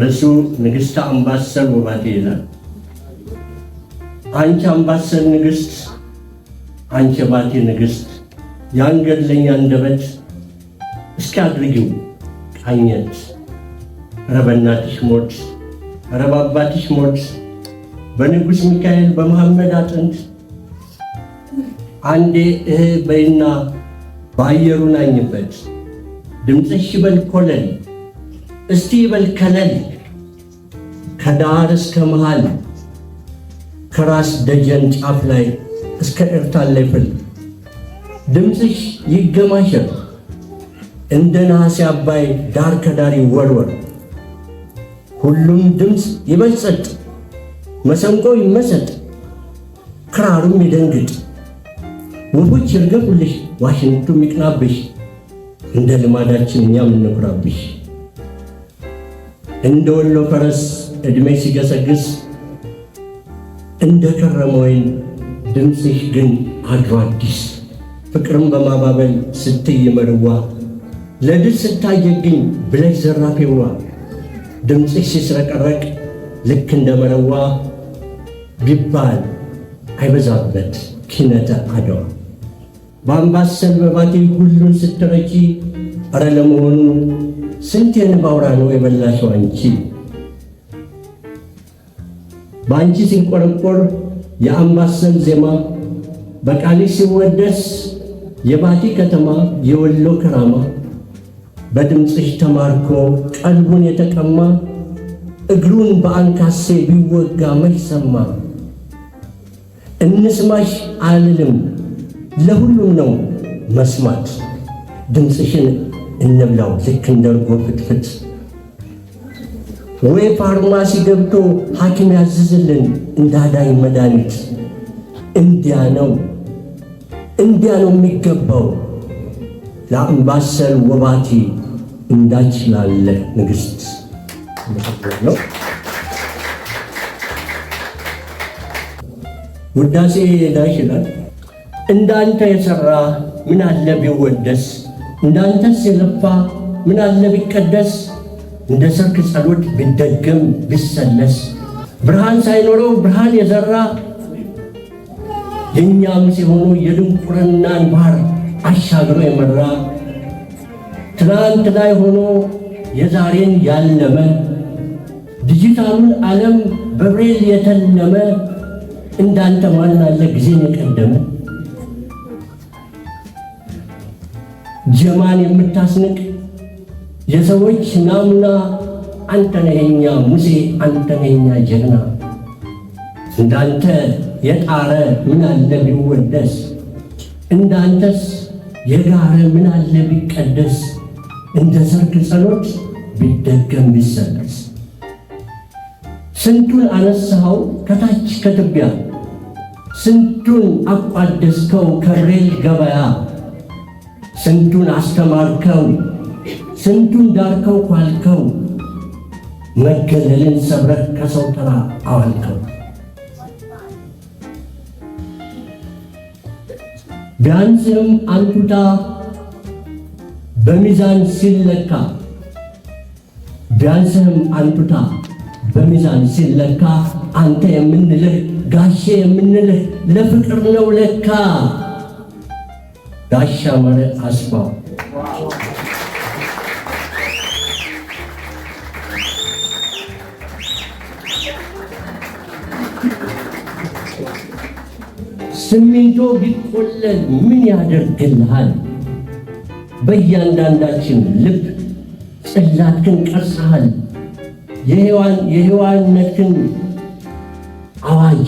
ርዕሱ ንግሥተ አምባሰል ውባቴ ይላል። አንቺ አምባሰል ንግሥት፣ አንቺ ባቴ ንግሥት፣ ያን ገድለኛ አንደበት እስኪ አድርጊው ቃኘት ረበናትሽ ሞት ረባባቲሽ ሞት በንጉሥ ሚካኤል በመሐመድ አጥንት አንዴ እህ በይና ባየሩ ናኝበት ድምፅሽ ይበል ኮለል እስቲ ይበል ከለል ከዳር እስከ መሃል ከራስ ደጀን ጫፍ ላይ እስከ ኤርታሌ ላይ ፍል ድምፅሽ ይገማሸር እንደ ነሐሴ አባይ ዳር ከዳር ይወርወር ሁሉም ድምፅ ይበጸጥ፣ መሰንቆ ይመሰጥ፣ ክራሩም ይደንግጥ። ውቦች ይርገፉልሽ፣ ዋሽንቱም ይቅናብሽ፣ እንደ ልማዳችን እኛም እንኩራብሽ። እንደ ወሎ ፈረስ ዕድሜ ሲገሰግስ እንደ ከረመ ወይን ድምፅሽ ግን አድሮ አዲስ ፍቅርን በማባበል ስትይ መርዋ ለድል ስታየግኝ ብለሽ ዘራፌውኗ ድምፅሽ ሲስረቀረቅ ልክ እንደ መረዋ ቢባል አይበዛበት ኪነተ አድዋ በአምባሰል በባቴ ሁሉን ስትረጪ እረ ለመሆኑ ስንቴን ባውራ ነው የበላሽው አንቺ? በአንቺ ሲንቆረቆር የአምባሰል ዜማ በቃሊ ሲወደስ የባቲ ከተማ የወሎ ከራማ በድምፅሽ ተማርኮ ቀልቡን የተቀማ እግሩን በአንካሴ ቢወጋ መች ሰማ። እንስማሽ አልልም ለሁሉም ነው መስማት ድምፅሽን እንብላው ልክ እንደ እርጎ ፍትፍት ወይ ፋርማሲ ገብቶ ሐኪም ያዝዝልን እንዳዳኝ መድኃኒት። እንዲያ ነው እንዲያ ነው የሚገባው ለአምባሰል ወባቴ እንዳች ላለ ነው። ውዳሴ እንዳች ይላል። እንዳንተ የሰራ ምን አለ ቢወደስ፣ እንዳንተስ የለፋ ምን አለ ቢቀደስ፣ እንደ ሰርክ ጸሎት ቢደገም ቢሰለስ፣ ብርሃን ሳይኖረው ብርሃን የዘራ የእኛም የሆኑ የድንቁርናን ባህር አሻግሮ የመራ ትናንት ላይ ሆኖ የዛሬን ያለመ ዲጂታሉን ዓለም በብሬል የተለመ እንዳንተ ማናለ ጊዜን የቀደመ ጀማን የምታስንቅ የሰዎች ናሙና አንተ ሙሴ አንተ ጀግና እንዳንተ የጣረ ምን አለ ቢወደስ እንዳንተስ የጋረ ምን አለ ቢቀደስ እንደ ሰርክ ጸሎት ቢደገም ቢሰለስ ስንቱን አነሳኸው ከታች ከትቢያ ስንቱን አቋደስከው ከሬል ገበያ ስንቱን አስተማርከው ስንቱን ዳርከው ኳልከው መገለልን ሰብረህ ከሰው ተራ አዋልከው። ቢያንስም አንቱታ በሚዛን ሲለካ ቢያንስህም አንቱታ በሚዛን ሲለካ አንተ የምንልህ ጋሼ የምንልህ ለፍቅር ነው ለካ። ጋሻ መረ አስፋው ስሚንቶ ቢቆለል ምን ያደርግልሃል? በእያንዳንዳችን ልብ ጽላትን ቀርጸሃል። የሕያዋንነትን አዋጅ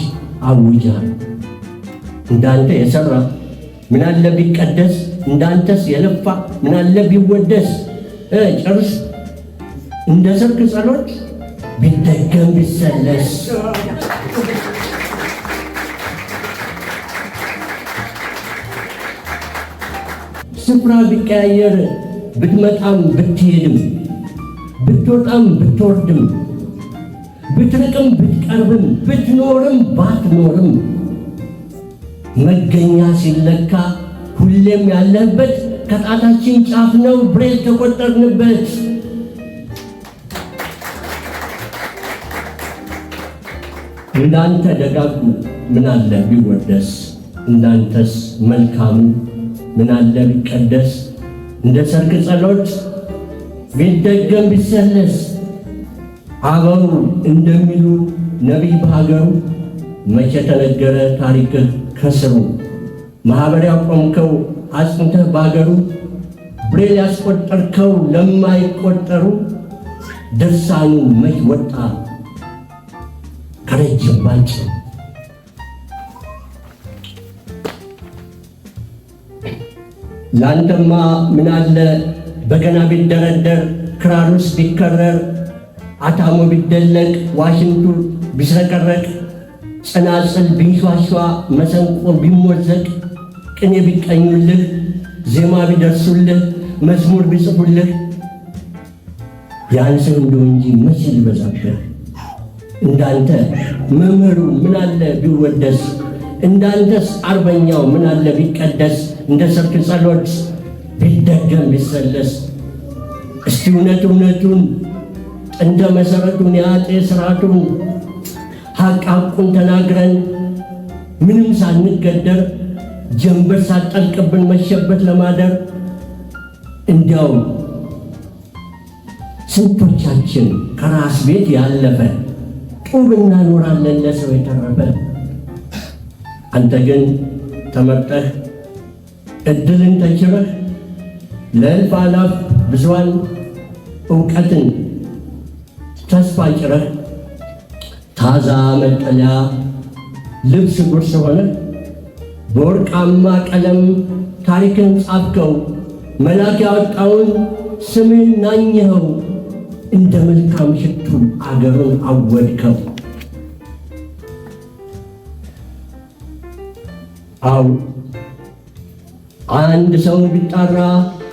አውጃል። እንዳንተ የሠራ ምናለ ቢቀደስ፣ እንዳንተስ የለፋ ምናለ ቢወደስ፣ ጭርስ እንደ ሰርክ ጸሎት ቢደገም ቢሰለስ ስፍራ ቢቀያየር ብትመጣም ብትሄድም ብትወጣም ብትወርድም ብትርቅም ብትቀርብም ብትኖርም ባትኖርም መገኛ ሲለካ ሁሌም ያለህበት ከጣታችን ጫፍ ነው። ብሬል ተቆጠርንበት። እንዳንተ ደጋጉ ምናለ ቢወደስ እንዳንተስ መልካሙ ምን አለ ቢቀደስ እንደ ሰርክ ጸሎት ቢደገም ቢሰለስ አበው እንደሚሉ ነቢይ በሀገሩ መቼ ተነገረ ታሪክ ከስሩ ማኅበር ያቆምከው አጽንተህ በሀገሩ ብሬል ያስቆጠርከው ለማይቆጠሩ ድርሳኑ መች ወጣ ከረጅም ለአንተማ ምን አለ በገና ቢደረደር ክራሩስ ቢከረር አታሞ ቢደለቅ ዋሽንቱ ቢስረቀረቅ ጸናጽል ቢንሿሿ መሰንቆ ቢሞዘቅ ቅኔ ቢቀኙልህ ዜማ ቢደርሱልህ መዝሙር ቢጽፉልህ ያንስህ እንደው እንጂ መቼ ሊበዛብህ እንዳንተ መምህሩ ምን አለ ቢወደስ እንዳልደስ አርበኛው ምን አለ ቢቀደስ እንደ ሰርክ ጸሎት ቢደገም ቢሰለስ እስቲ እውነት እውነቱን እንደ መሰረቱን የአጤ ስርዓቱን ሀቅ ሀቁን ተናግረን ምንም ሳንገደር ጀንበር ሳጠልቅብን መሸበት ለማደር እንዲያውም ስንቶቻችን ከራስ ቤት ያለፈ ጡብ እናኖራለን ለሰው የተረፈ አንተ ግን ተመርጠህ እድልን ተችበህ ለእልፍ አላፍ ብዙሃን እውቀትን ተስፋ ጭረህ ታዛ መጠለያ ልብስ ጉርስ ሆነ በወርቃማ ቀለም ታሪክን ጻፍከው መላክ ያወጣውን ስምን ናኘኸው እንደ መልካም ሽቱ አገሩን አወድከው። አዎ አንድ ሰው ቢጣራ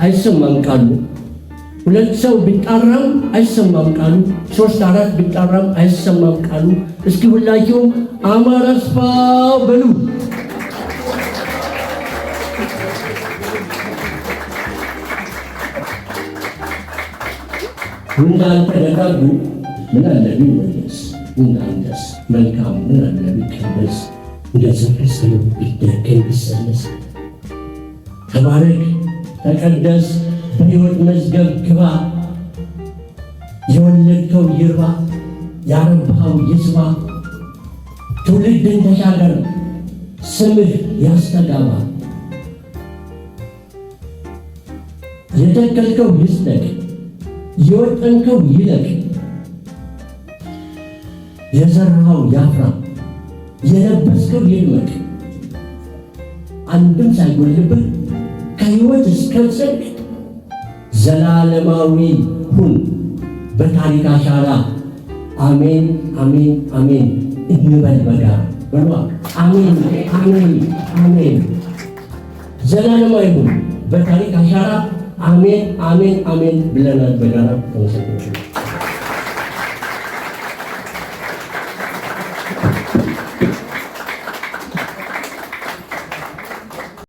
አይሰማም ቃሉ፣ ሁለት ሰው ቢጣራም አይሰማም ቃሉ፣ ሶስት አራት ቢጣራም አይሰማም ቃሉ። እስኪ ሁላችሁም አማረ በሉ። እንዳንተ ምን አለ ቢወደስ፣ እንዳንተስ መልካም ምን አለ ቢቀደስ እንደዘፈስ ቢደገም ቢሰለስ ተባረክ፣ ተቀደስ፣ በሕይወት መዝገብ ግባ። የወለድከው ይርባ፣ ያረባኸው ይስባ። ትውልድን ተሻገር፣ ስምህ ያስተጋባ። የተከልከው ይስደቅ፣ የወጠንከው ይለቅ፣ የዘራኸው ያፍራ። የለበስከው ይልመቅ አንድም ሳይጎልብህ ከህይወት እስከ ጽድቅ ዘላለማዊ ሁን በታሪክ አሻራ። አሜን አሜን አሜን እንበል በጋራ በሏ። አሜን አሜን አሜን ዘላለማዊ ሁን በታሪክ አሻራ። አሜን አሜን አሜን ብለናል በጋራ ተመሰግናለሁ።